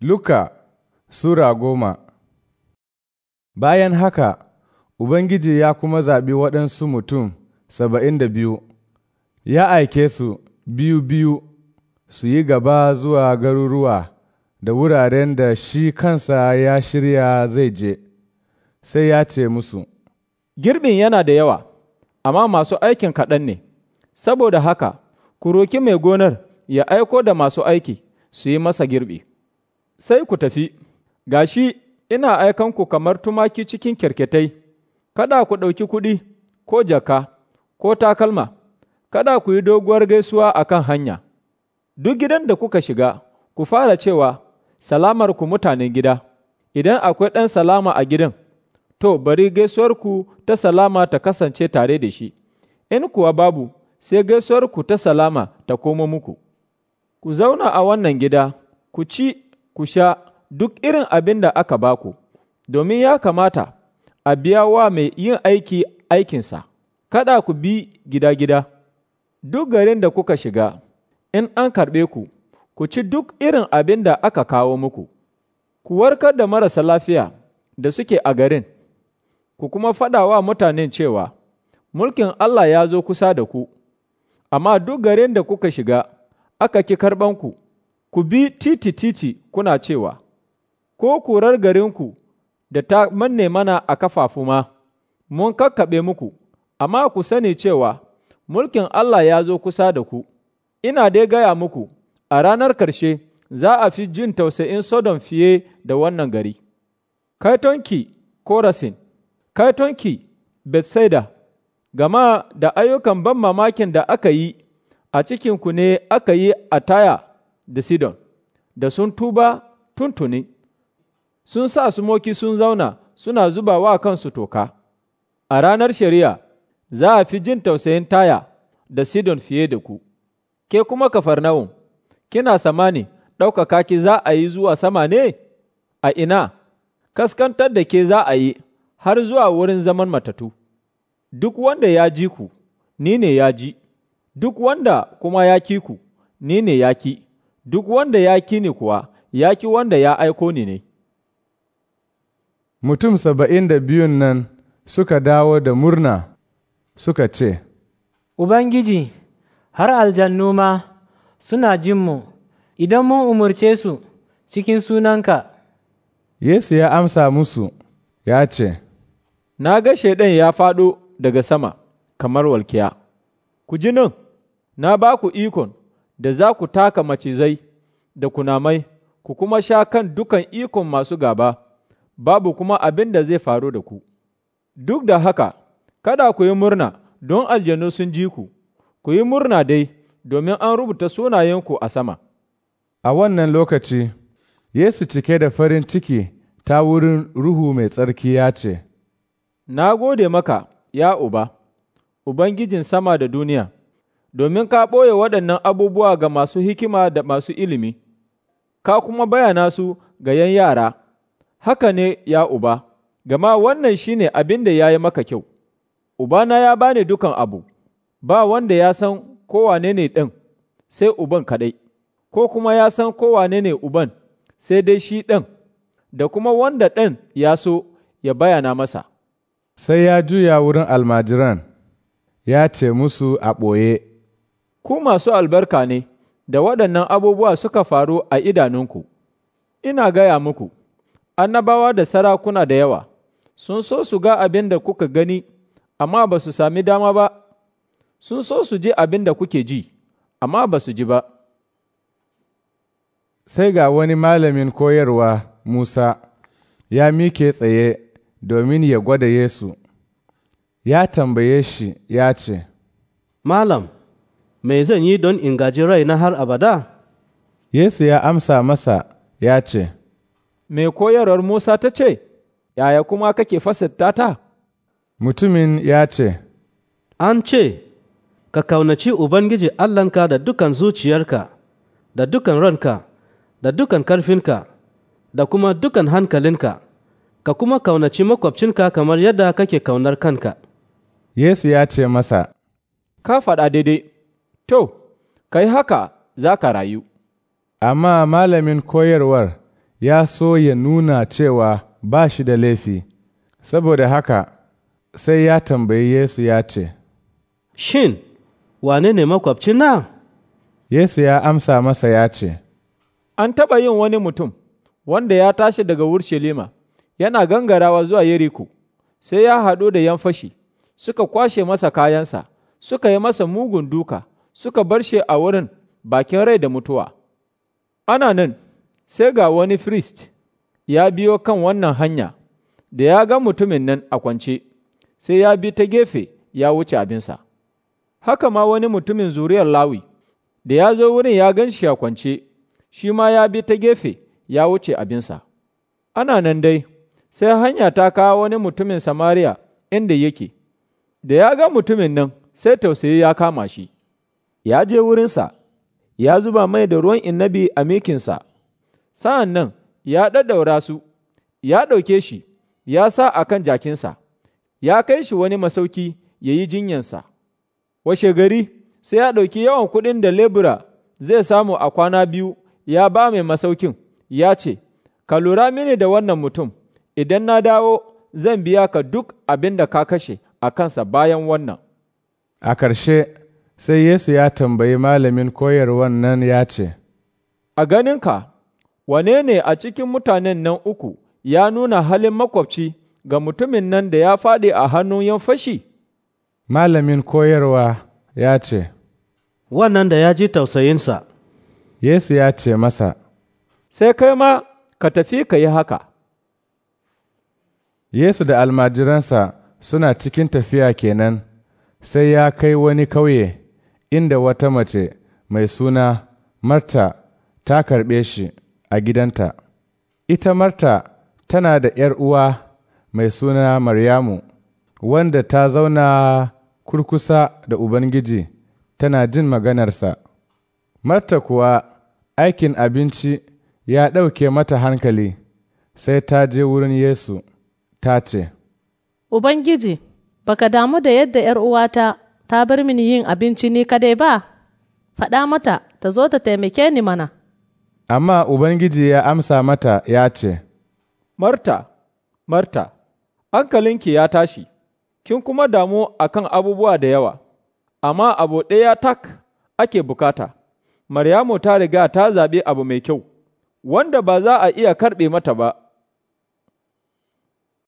Luka Sura goma Bayan haka, Ubangiji ya kuma zaɓi waɗansu mutum saba'in da biyu, ya aike su biyu-biyu su yi gaba zuwa garuruwa da wuraren da shi kansa ya shirya zai je, sai ya ce musu, Girbin yana da yawa, amma masu aikin kaɗan ne, saboda haka, ku roki mai gonar ya aiko da masu aiki su yi masa girbi. sai ku tafi, gashi ina aikan ku kamar tumaki cikin kyarketai, kada ku ɗauki kuɗi ko jaka ko takalma, kada ku yi doguwar gaisuwa a kan hanya. Duk gidan da kuka shiga, ku fara cewa, Salamar ku mutanen gida, idan akwai ɗan salama a gidan, to, bari gaisuwar ku ta salama ta kasance tare da shi, in kuwa babu, sai gaisuwar ku ta salama ta komo muku. Ku zauna a wannan gida, ku ci ku sha duk irin abin da aka ba ku. domin ya kamata a biya wa mai yin aiki aikinsa, kada ku bi gida-gida, duk garin da kuka shiga, in an karɓe ku, ku ci duk irin abin da aka kawo muku, ku warkar da marasa lafiya da suke a garin, ku kuma faɗa wa mutanen cewa, Mulkin Allah ya zo kusa da ku, amma duk garin da kuka shiga, aka ki karɓanku, ku bi titi-titi kuna cewa, Ko kurar garinku da ta manne mana a kafafu ma, mun kakkaɓe muku, amma ku sani cewa mulkin Allah ya zo kusa da ku, ina dai gaya muku, a ranar ƙarshe za a fi jin tausayin Sodom fiye da wannan gari. Kaitonki, Korasin, kaitonki, Bethsaida, gama da ayyukan ban mamakin da aka yi a cikinku ne aka yi a taya. da Sidon, da sun tuba tuntuni, sun sa sumoki sun zauna suna zuba wa kansu toka. A ranar shari'a za a fi jin tausayin taya da Sidon fiye da ku, ke kuma kafarnaun, kina sama ɗaukaka ki za a yi zuwa sama ne? A ina, kaskantar da ke za a yi har zuwa wurin zaman matatu. Duk wanda ya ji ku, ni ne ya ji, duk wanda kuma ya ki ku, ni ne ya ki. duk wanda ya ki ni kuwa ya ki wanda ya aiko ni ne. Mutum saba'in da biyun nan suka dawo da murna suka ce, Ubangiji, har aljannu ma suna jin mu idan mun umarce su cikin sunanka. Yesu ya amsa musu, ya ce, Na ga shaiɗan ya faɗo daga sama kamar walkiya, ku ji nan, na ba ku ikon. da za ku taka macizai da kunamai, ku kuma sha kan dukan ikon masu gaba, babu kuma abin da zai faru da ku. Duk da haka, kada ku yi murna don aljanu sun ji ku, ku yi murna dai domin an rubuta sunayenku a sama. A wannan lokaci, Yesu cike da farin ciki ta wurin Ruhu mai tsarki ya ce, Na gode maka, ya Uba, Ubangijin sama da duniya. domin ka ɓoye waɗannan abubuwa ga masu hikima da masu ilimi, ka kuma bayana su ga ‘yan yara, haka ne ya uba, gama wannan shi ne abin da ya yi maka kyau, Ubana ya bani dukan abu, ba wanda ya san kowane ne ɗin, sai uban kaɗai, ko kuma ya san kowane ne uban, sai dai shi ɗin, da kuma wanda ɗin ya so ya bayana masa. Sai ya juya wurin almajiran, ya ce musu a ɓoye. ku masu albarka ne da waɗannan abubuwa suka faru a idanunku, ina gaya muku, annabawa da sarakuna da yawa sun so su ga abin da kuka gani, amma ba su sami dama ba, sun so su ji abin da kuke ji, amma ba su ji ba. Sai ga wani malamin koyarwa Musa ya mike tsaye domin ya gwada Yesu, ya tambaye shi ya ce, Malam, Mai zan yi don in gaji na har abada? Yesu ya amsa masa ya ce, Me koyarwar Musa ta ce, yaya kuma kake fasitta ta? Mutumin ya ce, An ce, Ka kaunaci Ubangiji Allahnka da dukan zuciyarka, da dukan ranka, da dukan karfinka, da kuma dukan hankalinka, ka kuma kaunaci makwabcinka kamar yadda kake kaunar kanka. Yesu ya ce masa, Ka faɗa daidai. to, kai haka za ka rayu. Amma malamin koyarwar ya so ya nuna cewa ba shi da laifi, saboda haka sai ya tambayi Yesu ya ce, Shin, wane ne makwabcin nan? Yesu ya amsa masa ya ce, An taɓa yin wani mutum wanda ya tashi daga Urshalima, yana gangarawa zuwa Yeriko, sai ya haɗu da yan fashi, suka kwashe masa kayansa, suka yi masa mugun duka. suka bar shi a wurin bakin rai da mutuwa. Ana nan, sai ga wani firist ya biyo kan wannan hanya, da ya ga mutumin nan a kwance, sai ya bi ta gefe ya wuce abinsa. Haka ma wani mutumin zuriyar Lawi, da ya zo wurin ya gan shi a kwance, shi ma ya bi ta gefe ya wuce abinsa. Ana nan dai, sai hanya ta kawo wani mutumin Samariya inda yake, da ya ga mutumin nan sai tausayi ya kama shi. ya je wurinsa, ya zuba mai da ruwan inabi a mikinsa, sa'an nan ya ɗaɗɗaura su, ya ɗauke shi, ya sa a kan jakinsa, ya kai shi wani masauki ya yi jinyansa. Washe gari sai ya ɗauki yawan kuɗin da lebura zai samu a kwana biyu ya ba mai masaukin, ya ce, Ka lura mini da wannan mutum, idan na dawo zan biya ka duk abin da ka kashe a kansa bayan wannan. A ƙarshe Sai Yesu ya tambayi malamin koyarwan nan ya ce, A ganinka, wane ne a cikin mutanen nan uku ya nuna halin makwabci ga mutumin nan da ya faɗi a hannun yan fashi? Malamin koyarwa ya ce, Wannan da ya ji tausayinsa. Yesu ya ce masa, Sai kai ma ka tafi ka yi haka. Yesu da almajiransa suna cikin tafiya kenan, sai ya kai wani kauye. inda wata mace mai suna Marta ta karɓe shi a gidanta. Ita Marta tana da ’yar uwa mai suna Maryamu, wanda ta zauna kurkusa da Ubangiji tana jin maganarsa. Marta kuwa aikin abinci ya ɗauke mata hankali, sai ta je wurin Yesu, ta ce, Ubangiji, baka damu da yadda ’yar uwata ta bar mini yin abinci ni kadai ba, faɗa mata ta zo ta taimake ni mana. Amma Ubangiji ya amsa mata ya ce, Marta, Marta, hankalinki ya tashi, kin kuma damu a kan abubuwa da yawa, amma abu ɗaya tak ake bukata, Maryamu ta riga ta zaɓi abu mai kyau, wanda ba za a iya karɓe mata ba.